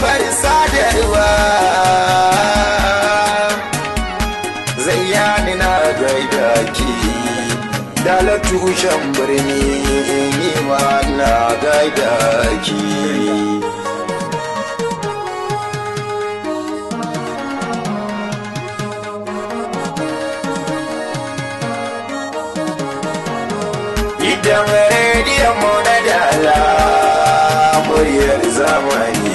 bari sadarwa zayyani na gaida ki dala tushen birni ni ma na gaida ki Idan rediyon mu na dala muryar zamani